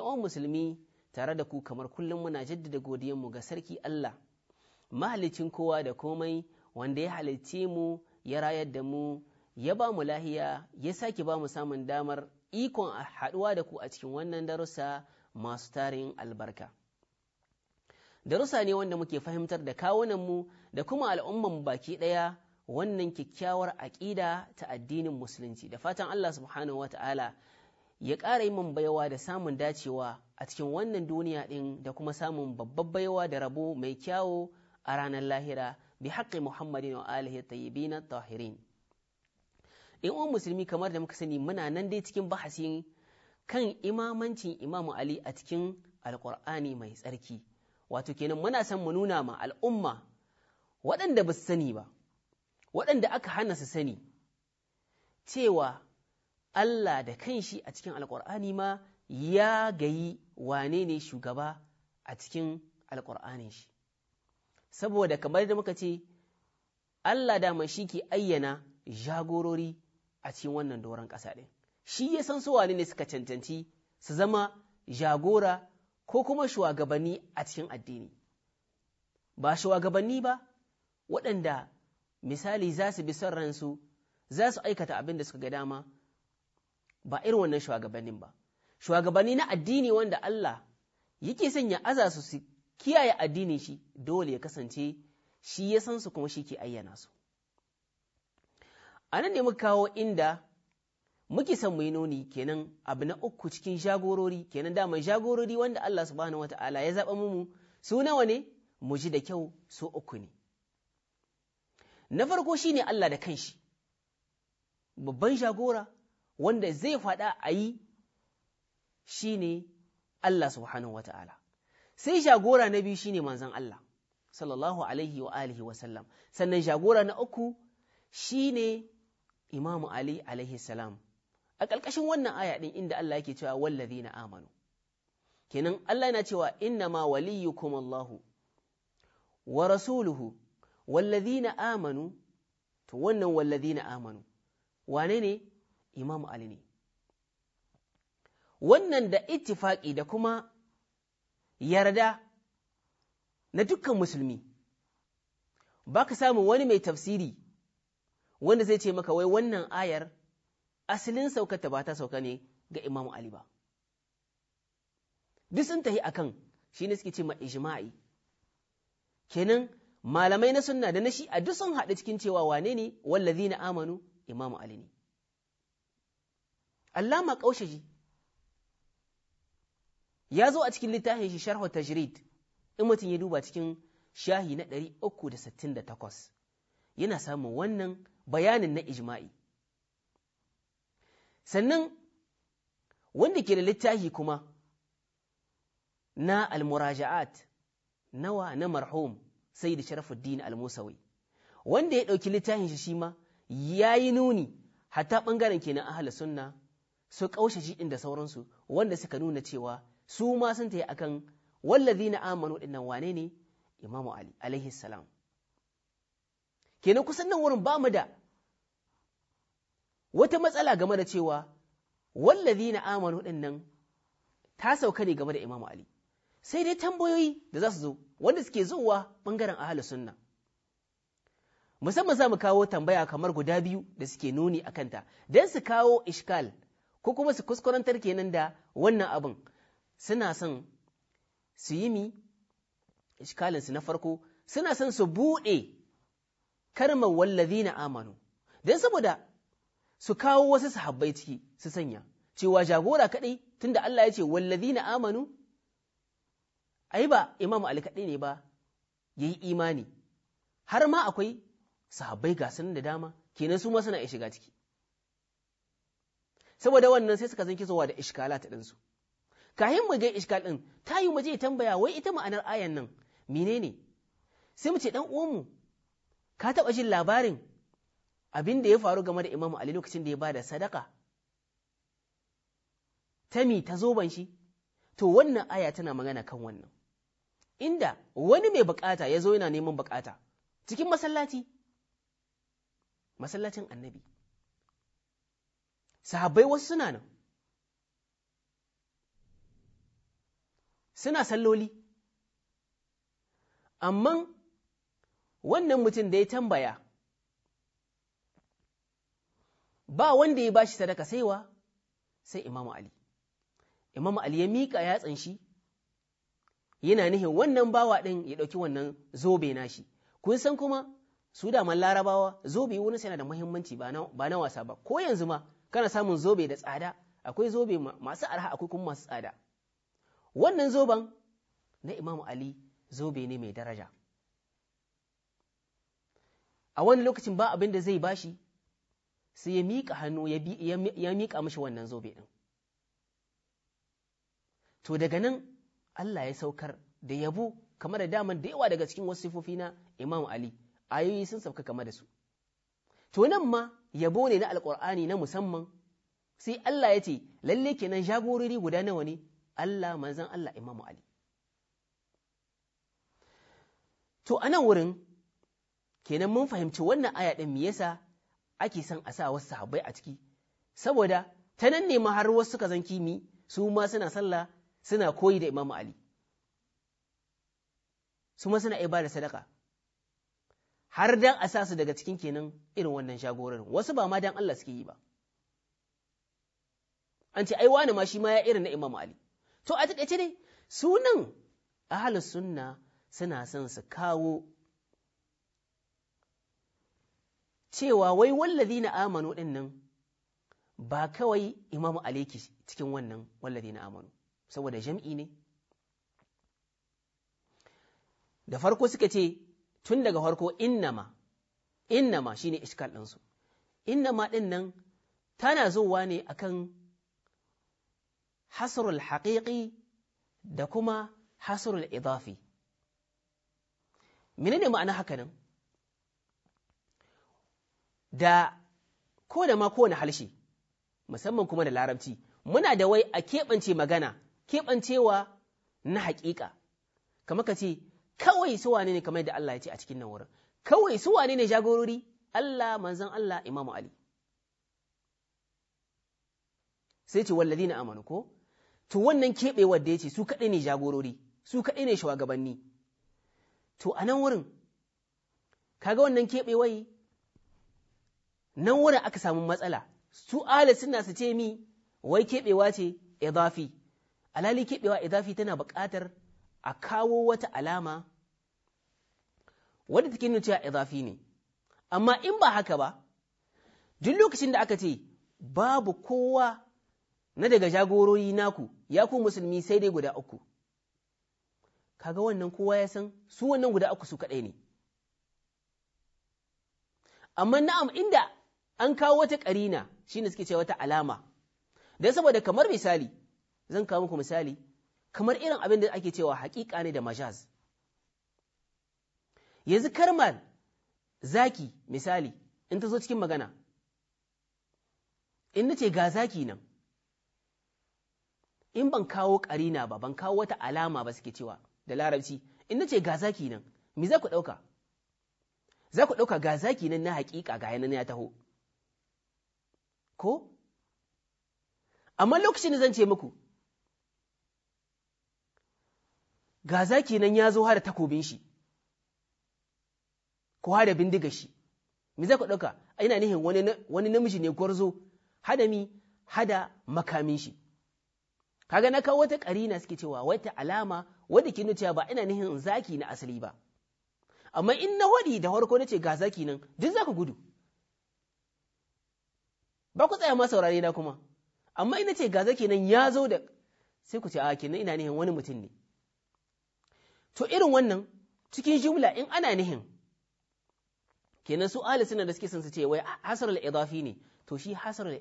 uwan musulmi tare da ku kamar kullum muna jaddada godiyanmu ga sarki Allah mahalicin kowa da komai wanda ya halicce mu ya rayar da mu ya ba mu lahiya ya sake ba mu samun damar ikon haɗuwa da ku a cikin wannan darussa masu tarin albarka darussa ne wanda muke fahimtar da kawunanmu da kuma al'umman baki ɗaya wannan kyakkyawar aƙida ta addinin musulunci da fatan Allah subhanahu wa ta'ala ya ƙara yi min baiwa da samun dacewa a cikin wannan duniya ɗin da kuma samun babbar baiwa da rabo mai kyawo a ranar lahira bi haƙƙi muhammadin wa alihi tayyibin tahirin in uwan musulmi kamar da muka sani muna nan dai cikin bahasin kan imamancin imamu ali a cikin alƙur'ani mai tsarki wato kenan muna son mu nuna ma al'umma waɗanda ba su sani ba waɗanda aka hana su sani cewa Allah da kanshi a cikin alƙur'ani ma ya gayi wane ne shugaba a cikin alƙur'anin shi saboda kamar da muka ce Allah dama shi ke ayyana jagorori a cikin wannan doron ƙasa ɗin shi ya san su wane ne suka cancanci su zama jagora ko kuma shugabanni a cikin addini ba shugabanni ba waɗanda misali za su bi son ransu za su aikata abin da suka ga dama ba irin wannan shugabannin ba shugabanni na addini wanda Allah yake sanya aza su su kiyaye addinin shi dole ya kasance shi ya san su kuma shi ke ayyana su a nan ne muka kawo inda muke san mai noni kenan abu na uku cikin jagorori kenan dama jagorori wanda Allah subhanahu wata'ala ya zaɓa mu su nawa ne mu ji da kyau su uku ne na farko shi ne Allah da kanshi babban jagora wanda zai faɗa a yi shi ne Allah subhanahu wa ta'ala. Sai shagora na biyu shi ne manzan Allah, sallallahu alaihi wa alihi wasallam, sannan shagora na uku shi ne Imamu Ali alaihi salam. A ƙarƙashin wannan aya ɗin inda Allah yake cewa wallazi na amanu. Kenan Allah yana cewa inna ma kuma Allahu wa rasuluhu wallazi amanu, to wannan wallazi amanu, wane ne? imam Ali ne wannan da ittifaƙi da kuma yarda na dukkan musulmi ba ka samu wani mai tafsiri wanda zai ce maka wai wannan ayar asalin saukata ba ta sauka ne ga Imam Ali ba duk sun tahi akan shi ne suke ce ma ijma'i kenan malamai na sunna da na shi a duk sun haɗu cikin cewa wane ne na amanu Imam Ali ne allama kaushiji ya zo a cikin littafin shi sharhu tajrid in mutum ya duba cikin shahi na 368 yana samun wannan bayanin na ijma'i sannan wanda ke da littafi kuma na almuraja'at nawa na marhum sai da sharafuddin almusawi wanda ya ɗauki littafin shi shi ma ya yi nuni hatta ɓangaren kenan ahala sunna su kaushe shi inda sauransu wanda suka nuna cewa su ma sun yi akan wallazi na amanu din nan wane ne imamu ali alaihi salam kenan kusan nan wurin bamu da wata matsala game da cewa wallazi na amanu din nan ta sauka ne game da imamu ali sai dai tambayoyi da za su zo wanda suke zowa bangaren ahli sunna musamman za mu kawo tambaya kamar guda biyu da suke nuni a kanta don su kawo ishkal ko kuma su kuskurantar kenan da wannan abin suna son su yi mi ishkalinsu na farko suna son su buɗe karmar wallazi na amanu don saboda su kawo wasu sahabbai ciki su sanya cewa jagora kaɗai tunda Allah ya ce wallazi na amanu ai ba imamu ali ne ba ya yi imani har ma akwai sahabbai ga da dama kenan su ma suna iya shiga ciki saboda wannan sai suka san kisowa da iskala ta ɗinsu kahin mu ga iskal ɗin ta yi muje tambaya wai ita ma'anar ayan nan menene sai mu ce ɗan uwanmu ka taɓa jin labarin abin da ya faru game da Imam ali lokacin da ya bada sadaka ta mi ta zoben shi to wannan aya tana magana kan wannan inda wani mai bukata ya zo yana neman bukata cikin masallaci masallacin annabi sahabbai wasu suna nan suna salloli amma wannan mutum da ya tambaya ba wanda ya bashi sadaka saiwa sai imamu ali imamu ali ya mika yatsan shi yana nihin wannan bawa ɗin ya ɗauki wannan zobe nashi kun san kuma su daman larabawa zobe wani yana da muhimmanci ba na wasa ba ko yanzu ma kana samun zobe da tsada akwai zobe masu arha akwai kuma masu tsada wannan zoben na imamu ali zobe ne mai daraja a wani lokacin ba abin da zai bashi sai ya mika hannu ya mika mashi wannan zobe ɗin to daga nan Allah ya saukar da yabo kamar da daman da yawa daga cikin wasu sifofi na Imam Ali ayoyi sun sauka kama da su to nan ma yabo ne na alƙur'ani na musamman sai Allah ya ce lalle kenan jagorori guda nawa ne Allah manzan Allah Imam Ali to anan wurin kenan mun fahimci wannan aya ɗin me yasa ake son a sa wasu sahabbai a ciki saboda ta nan ne har wasu suka zan kimi su ma suna sallah suna koyi da Imam Ali su ma suna ibada sadaka har dan a sa su daga cikin kenan irin wannan shagorar wasu ba ma dan Allah suke yi ba an ce ai wani ma shi ma ya irin na Imam Ali to a taƙaice dai sunan ahlus sunna suna son su kawo cewa wai wallazi na amanu din nan ba kawai imamu ke cikin wannan wallazi na amanu saboda jam'i ne da farko suka ce tun daga farko innama innama shine iskal ɗinsu innama ɗin nan tana zuwa ne akan hasrul haƙiƙi da kuma hasrul idafi menene ma'ana haka nan da ko da ma kowane halshe musamman kuma da larabci muna da wai a keɓance magana keɓancewa na haƙiƙa kamar ka ce kawai su wane ne kamar da Allah ya ce a cikin nan wurin kawai su wane ne jagorori Allah manzon Allah Imam Ali sai ce wallazi na amanu ko to wannan keɓewar da ya ce su kaɗai ne jagorori su kaɗai ne shugabanni to a nan wurin kaga wannan keɓewai nan wurin aka samu matsala su ala suna su ce mi wai keɓewa ce idafi alali keɓewa idafi tana buƙatar a kawo wata alama wadda take nuna cewa izafi ne amma in ba haka ba duk lokacin da aka ce babu kowa na daga jagorori naku ya ku musulmi sai dai guda uku kaga wannan kowa ya san su wannan guda uku su kaɗai ne amma na'am inda an kawo wata ƙarina ne suke ce wata alama don saboda kamar misali zan kawo muku misali kamar irin abin da ake cewa haƙiƙa ne da majaz yanzu karmar zaki misali in ta zo cikin magana in nace ga zaki nan in ban kawo karina ba ban kawo wata alama ba suke cewa da larabci in nace ga zaki nan me za ku ɗauka za ku ɗauka ga zaki nan na haƙiƙa ga yanan ya taho ko amma lokacin da zan ce muku ga zaki nan ya zo har takobin shi ko da bindiga shi me za ku ɗauka ina nihin wani namiji ne gwarzo hada mi hada makamin shi kaga na kawo wata ƙarina suke cewa wata alama wadda ke nuna ba ina nihin zaki na asali ba amma in na waɗi da farko na ce ga zaki nan duk za ku gudu ba ku tsaya ma saurare na kuma amma ina ce ga zaki nan ya zo da sai ku ce a kenan ina nihin wani mutum ne to irin wannan cikin jumla in ana nihin kenan su ahli suna da suke sun su ce wai hasar al ne to shi hasar al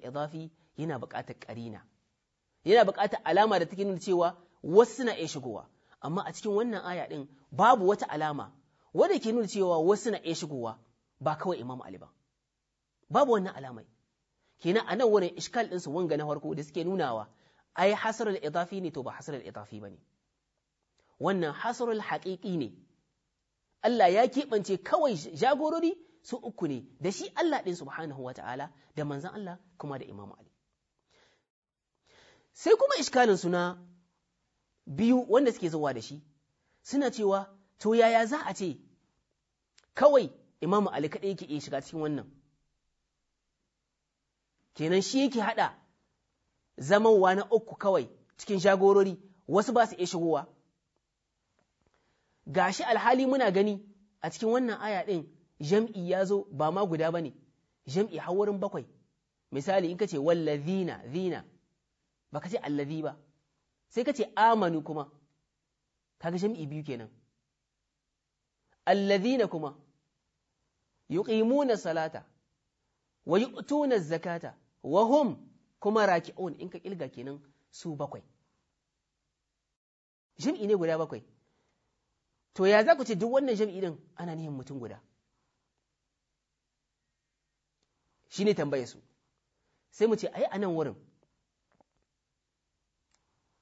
yana buƙatar ƙarina yana buƙatar alama da take nuna cewa wasu suna iya shigowa amma a cikin wannan aya din babu wata alama wadda ke nuna cewa wasu suna iya shigowa ba kawai Imam Ali ba babu wannan alama kenan a nan wurin iskal ɗinsu wanga na farko da suke nunawa ai hasar al-idafi ne to ba hasar al ba ne. wannan hasarul haƙiƙi ne Allah ya keɓance kawai jagorori su uku ne da shi Allah ɗin subhanahu wa ta'ala da manzan Allah kuma da Imam Ali sai kuma iskalin suna biyu wanda suke zuwa da shi suna cewa to yaya za a ce kawai Imam Ali kaɗai yake iya shiga cikin wannan kenan shi yake haɗa zamanwa na uku kawai cikin jagorori wasu ba su iya shigowa gashi alhali muna gani a cikin wannan aya ɗin jam'i ya zo ba ma guda ba ne jam'i hawarin bakwai misali in ka ce wallazina zina ba ka ce allazi ba sai ka ce amanu kuma ka ga jam'i biyu kenan allazina kuma yuqimuna salata wa yu'tuna zakata wa hum kuma raki'un in ka kilga kenan su bakwai jam'i ne guda bakwai to ya za ku ce duk wannan jam'i din ana nihin mutum guda shi ne tambaye su sai mu ce ai a nan wurin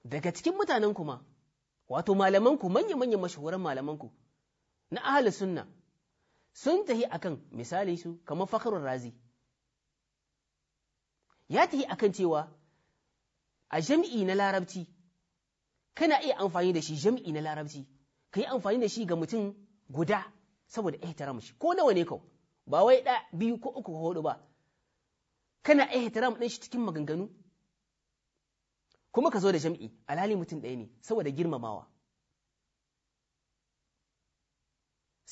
daga cikin mutanen kuma wato malamanku manya-manyan mashahuran malamanku na ahalar sunna sun tahi akan misali su kamar fakharun razi ya tahi akan cewa a jam'i na larabci kana iya amfani da shi jam'i na larabci ka yi amfani da shi ga mutum guda saboda ihtiram shi ko nawa ne kau ba wai da biyu ko uku ko hudu ba kana ihtiram din shi cikin maganganu kuma ka zo da jam'i alhali mutum ɗaya ne saboda girmamawa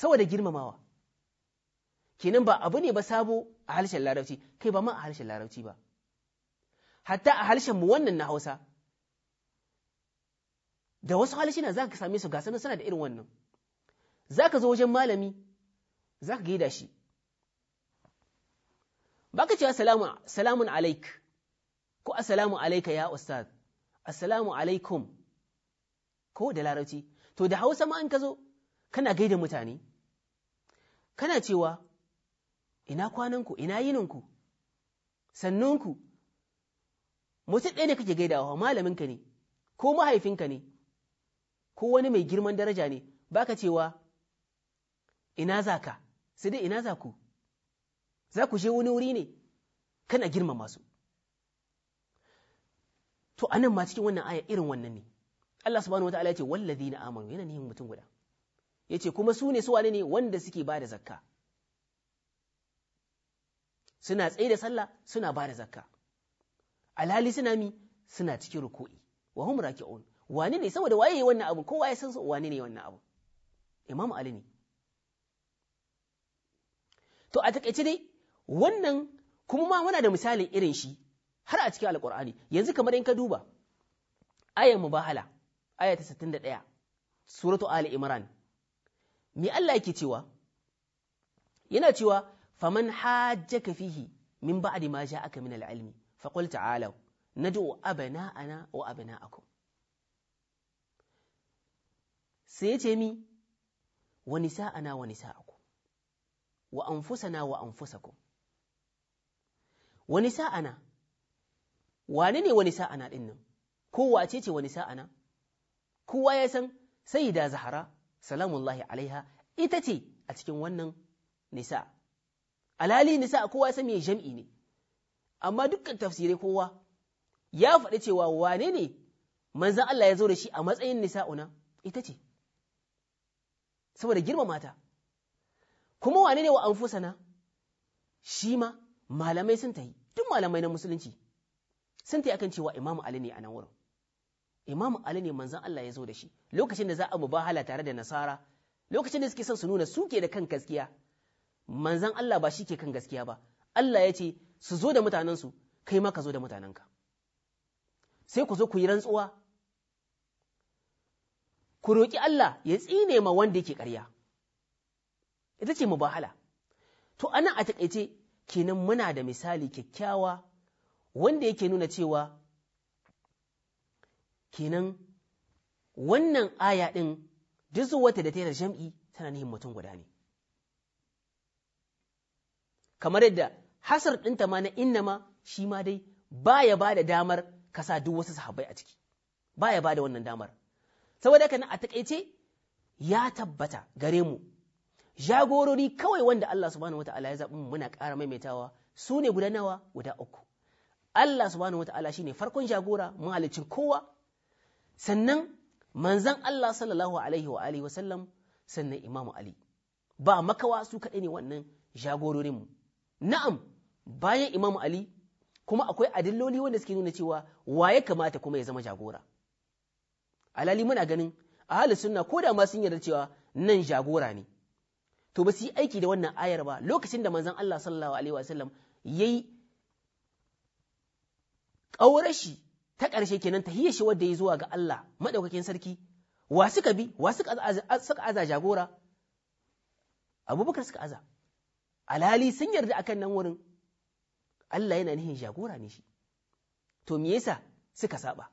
saboda girmamawa kenan ba abu ne ba sabo a harshen larabci kai ba ma a harshen larabci ba hatta a harshen mu wannan na Hausa da wasu halishina za ka same su gasa suna da irin wannan za ka zo wajen malami za ka gaida shi ba ka cewa salamun alaik ko assalamu alaika ya ustad assalamu alaikum ko da larabci to da hausa ma in ka zo kana gaida mutane kana cewa ina kwananku ina yininku sannunku mutu ɗaya ne kake gaidawa malaminka ne ko mahaifinka ne ko wani mai girman daraja ne ba ka cewa ina za ka sai dai ina za ku za ku je wani wuri ne kana girmama su to a nan ma cikin wannan aya irin wannan ne Allah subhanahu Ta'ala ya ce wallazina amanu yana nihin mutum guda Ya ce kuma su ne su wane ne wanda suke bada zakka suna tsaye da sallah suna ba da zakka alhali suna mi suna cikin ruku'i wa hum raki'un wani ne saboda waye wannan abu kowa ya san wani ne wannan abu imam ali ne to a takaice dai wannan kuma ma muna da misalin irin shi har a cikin alkur'ani yanzu kamar in ka duba ayan mubahala aya ta 61 suratu ali imran me Allah yake cewa yana cewa faman hajjaka fihi min ba'di ma ja'aka min al-ilmi faqul ta'alu nad'u abana'ana wa sai ya ce mi wa nisa'ana wa nisa'akum wa anfusana wa anfusakum wa nisa'ana wane ne wa nisa'ana din nan kowa ce ce wa nisa'ana kowa ya san sayyida zahara salamullahi alaiha ita ce a cikin wannan nisa alhali nisa kowa ya san me jam'i ne amma dukkan tafsirai kowa ya faɗi cewa wane ne manzan Allah ya zo da shi a matsayin nisa'una ita ce saboda girmama ta kuma wane ne wa anfusana shi ma malamai sun yi duk malamai na musulunci sun yi akan cewa imamu ali ne a nan wurin imamu ali ne manzan Allah ya zo da shi lokacin da za a mubahala tare da nasara lokacin da suke son su nuna suke da kan gaskiya manzan Allah ba shi ke kan gaskiya ba Allah ya ce su zo da mutanensu kai ma ka zo da mutanenka sai ku zo ku yi rantsuwa ku roƙi Allah ya tsine ma wanda yake ƙarya ita ce mubahala to anan a taƙaice kenan muna da misali kyakkyawa wanda yake nuna cewa kenan wannan aya ɗin duk wata da ta da jam'i tana nihin mutum guda ne kamar yadda hasar ɗinta ma na inna ma shi ma dai baya ba damar kasa duk wasu sahabbai a ciki baya ba da wannan damar saboda haka nan a takaice ya tabbata gare mu jagorori kawai wanda Allah subhanahu wata'ala ya zaɓi muna ƙara maimaitawa su ne guda nawa guda uku Allah subhanahu wata'ala shine farkon jagora mahalicin kowa sannan manzan Allah sallallahu alaihi wa alihi wa sallam sannan Imam Ali ba makawa su kaɗai ne wannan jagororin mu na'am bayan Imam Ali kuma akwai adilloli wanda suke nuna cewa wa kamata kuma ya zama jagora alali muna ganin halin sunna ko da ma sun yarda cewa nan jagora ne to ba su yi aiki da wannan ayar ba lokacin da manzan Allah sallallahu alaihi wasallam yayi ƙaurar shi ta ƙarshe kenan tahiyar shi wadda ya zuwa ga Allah madaukakin sarki wa suka bi wa suka aza jagora abubakar suka aza al'ali sun yarda akan nan wurin Allah yana nihin jagora ne shi to me yasa suka saba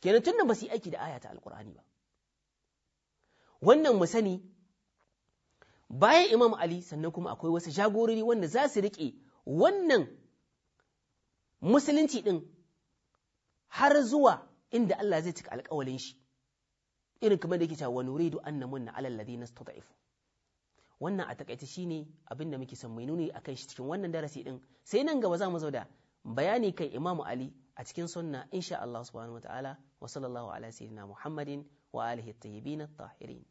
kenan tunda ba su yi aiki da aya ta ba wannan mu sani bayan imam ali sannan kuma akwai wasu jagorori wanda za su riƙe wannan musulunci ɗin har zuwa inda Allah zai cika alƙawalin shi irin kamar da yake cewa nuridu anna munna alal ladina istad'ifu wannan a takaice shine abinda muke san mai nuni akan shi cikin wannan darasi din sai nan gaba za mu zo da bayani kan Imam Ali a cikin sunna insha Allah subhanahu wa ta'ala wa sallallahu ala sayyidina Muhammadin wa alihi at-tayyibin at-tahirin